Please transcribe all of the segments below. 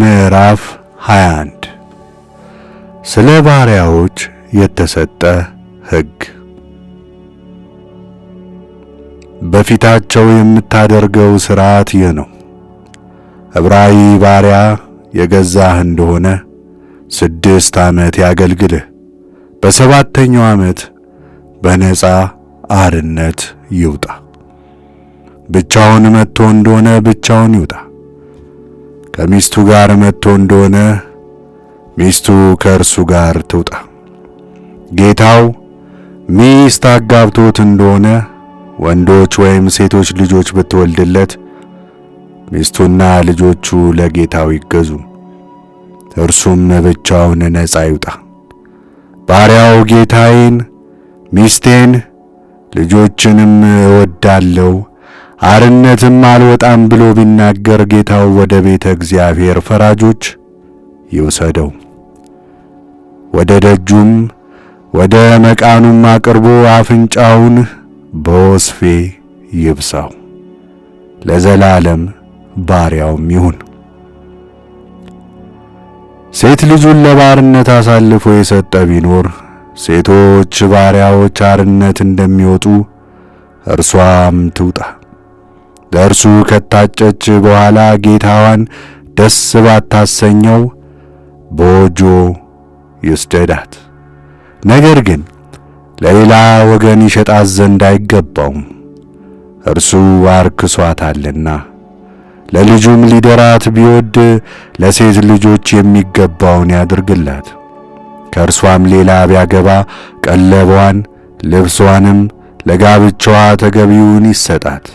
ምዕራፍ 21 ስለ ባሪያዎች የተሰጠ ሕግ። በፊታቸው የምታደርገው ሥርዓት ይህ ነው። ዕብራዊ ባሪያ የገዛህ እንደሆነ ስድስት ዓመት ያገልግልህ፣ በሰባተኛው ዓመት በነፃ አርነት ይውጣ። ብቻውን መጥቶ እንደሆነ ብቻውን ይውጣ። ከሚስቱ ጋር መጥቶ እንደሆነ ሚስቱ ከእርሱ ጋር ትውጣ። ጌታው ሚስት አጋብቶት እንደሆነ ወንዶች ወይም ሴቶች ልጆች ብትወልድለት ሚስቱና ልጆቹ ለጌታው ይገዙ፣ እርሱም ብቻውን ነፃ ይውጣ። ባሪያው ጌታዬን ሚስቴን ልጆችንም እወዳለው አርነትም አልወጣም ብሎ ቢናገር ጌታው ወደ ቤተ እግዚአብሔር ፈራጆች ይውሰደው። ወደ ደጁም ወደ መቃኑም አቅርቦ አፍንጫውን በወስፌ ይብሳው፣ ለዘላለም ባሪያውም ይሁን። ሴት ልጁን ለባርነት አሳልፎ የሰጠ ቢኖር ሴቶች ባሪያዎች አርነት እንደሚወጡ እርሷም ትውጣ። በእርሱ ከታጨች በኋላ ጌታዋን ደስ ባታሰኘው ቦጆ ይስደዳት። ነገር ግን ለሌላ ወገን ይሸጣት ዘንድ አይገባውም፣ እርሱ አርክሷታልና። ለልጁም ሊደራት ቢወድ ለሴት ልጆች የሚገባውን ያድርግላት። ከእርሷም ሌላ ቢያገባ ቀለቧን፣ ልብሷንም ለጋብቻዋ ተገቢውን ይሰጣት።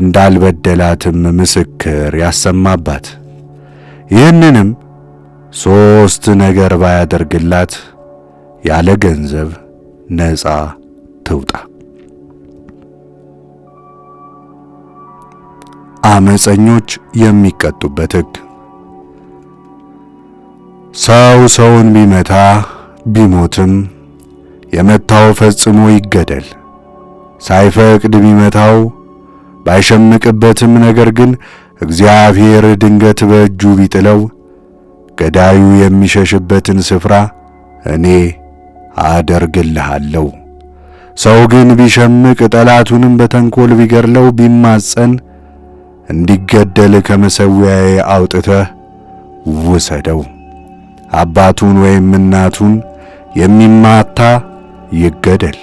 እንዳልበደላትም ምስክር ያሰማባት። ይህንንም ሦስት ነገር ባያደርግላት ያለ ገንዘብ ነፃ ትውጣ። አመፀኞች የሚቀጡበት ሕግ። ሰው ሰውን ቢመታ ቢሞትም የመታው ፈጽሞ ይገደል፣ ሳይፈቅድ ቢመታው ባይሸምቅበትም ነገር ግን እግዚአብሔር ድንገት በእጁ ቢጥለው ገዳዩ የሚሸሽበትን ስፍራ እኔ አደርግልሃለሁ። ሰው ግን ቢሸምቅ ጠላቱንም በተንኮል ቢገድለው ቢማጸን እንዲገደል ከመሠዊያዬ አውጥተህ ውሰደው። አባቱን ወይም እናቱን የሚማታ ይገደል።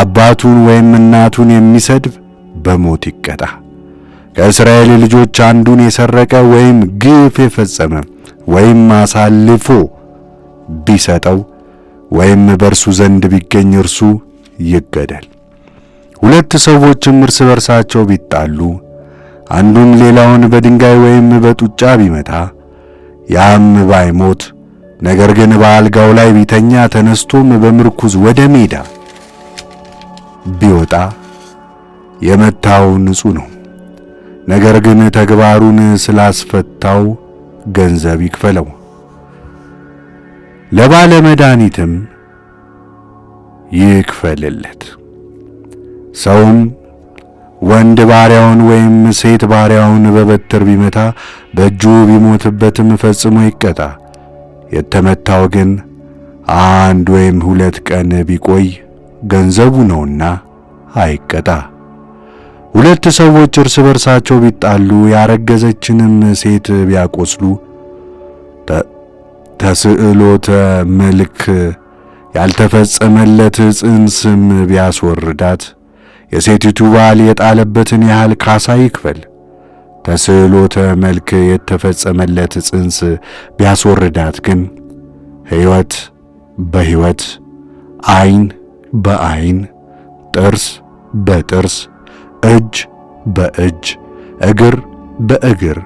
አባቱን ወይም እናቱን የሚሰድብ በሞት ይቀጣ። ከእስራኤል ልጆች አንዱን የሰረቀ ወይም ግፍ የፈጸመ ወይም አሳልፎ ቢሰጠው ወይም በእርሱ ዘንድ ቢገኝ እርሱ ይገደል። ሁለት ሰዎችም እርስ በርሳቸው ቢጣሉ አንዱም ሌላውን በድንጋይ ወይም በጡጫ ቢመታ ያም ባይሞት ነገር ግን በአልጋው ላይ ቢተኛ ተነስቶም በምርኩዝ ወደ ሜዳ ቢወጣ የመታው ንጹሕ ነው። ነገር ግን ተግባሩን ስላስፈታው ገንዘብ ይክፈለው። ለባለ መድኃኒትም ይክፈልለት። ሰውም ወንድ ባሪያውን ወይም ሴት ባሪያውን በበትር ቢመታ በእጁ ቢሞትበትም ፈጽሞ ይቀጣ። የተመታው ግን አንድ ወይም ሁለት ቀን ቢቆይ ገንዘቡ ነውና አይቀጣ። ሁለት ሰዎች እርስ በርሳቸው ቢጣሉ ያረገዘችንም ሴት ቢያቆስሉ ተስዕሎተ መልክ ያልተፈጸመለት ጽንስም ቢያስወርዳት የሴቲቱ ባል የጣለበትን ያህል ካሳ ይክፈል። ተስዕሎተ መልክ የተፈጸመለት ጽንስ ቢያስወርዳት ግን ሕይወት በሕይወት ዐይን በዐይን ጥርስ በጥርስ እጅ በእጅ እግር በእግር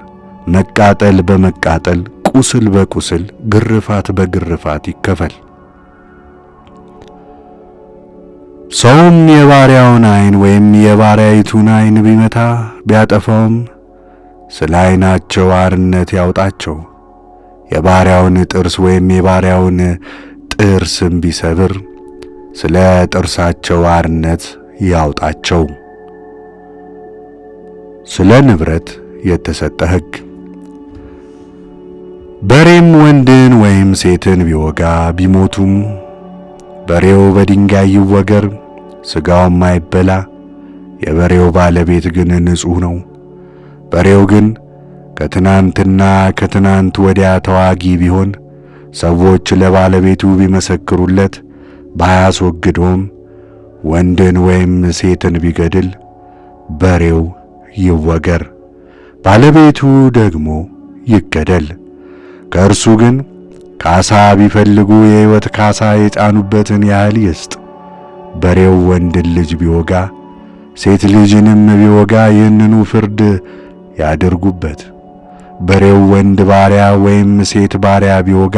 መቃጠል በመቃጠል ቁስል በቁስል ግርፋት በግርፋት ይከፈል። ሰውም የባሪያውን ዓይን ወይም የባሪያይቱን ዓይን ቢመታ ቢያጠፋውም ስለ ዓይናቸው አርነት ያውጣቸው። የባሪያውን ጥርስ ወይም የባሪያውን ጥርስም ቢሰብር ስለ ጥርሳቸው አርነት ያውጣቸው። ስለ ንብረት የተሰጠ ሕግ በሬም ወንድን ወይም ሴትን ቢወጋ ቢሞቱም በሬው በድንጋይ ይወገር፣ ሥጋውም አይበላ። የበሬው ባለቤት ግን ንጹሕ ነው። በሬው ግን ከትናንትና ከትናንት ወዲያ ተዋጊ ቢሆን ሰዎች ለባለቤቱ ቢመሰክሩለት ባያስወግዶም ወንድን ወይም ሴትን ቢገድል በሬው ይወገር፣ ባለቤቱ ደግሞ ይገደል። ከእርሱ ግን ካሳ ቢፈልጉ የሕይወት ካሳ የጫኑበትን ያህል ይስጥ። በሬው ወንድን ልጅ ቢወጋ ሴት ልጅንም ቢወጋ ይህንኑ ፍርድ ያድርጉበት። በሬው ወንድ ባሪያ ወይም ሴት ባሪያ ቢወጋ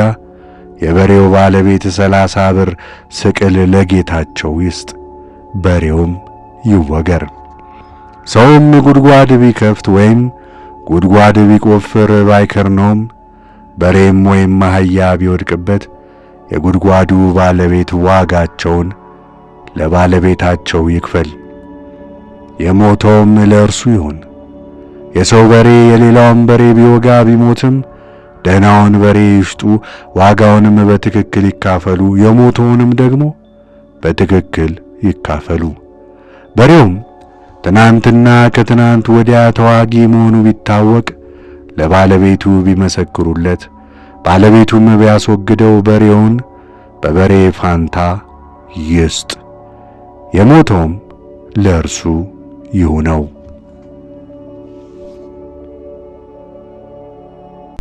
የበሬው ባለቤት ሰላሳ ብር ስቅል ለጌታቸው ይስጥ፣ በሬውም ይወገር። ሰውም ጉድጓድ ቢከፍት ወይም ጉድጓድ ቢቆፍር ባይከርነውም በሬም ወይም አህያ ቢወድቅበት የጉድጓዱ ባለቤት ዋጋቸውን ለባለቤታቸው ይክፈል፣ የሞተውም ለእርሱ ይሁን። የሰው በሬ የሌላውን በሬ ቢወጋ ቢሞትም ደህናውን በሬ ይሽጡ፣ ዋጋውንም በትክክል ይካፈሉ፣ የሞተውንም ደግሞ በትክክል ይካፈሉ። በሬውም ትናንትና ከትናንት ወዲያ ተዋጊ መሆኑ ቢታወቅ ለባለቤቱ ቢመሰክሩለት ባለቤቱም ቢያስወግደው በሬውን በበሬ ፋንታ ይስጥ፣ የሞተውም ለእርሱ ይሁነው።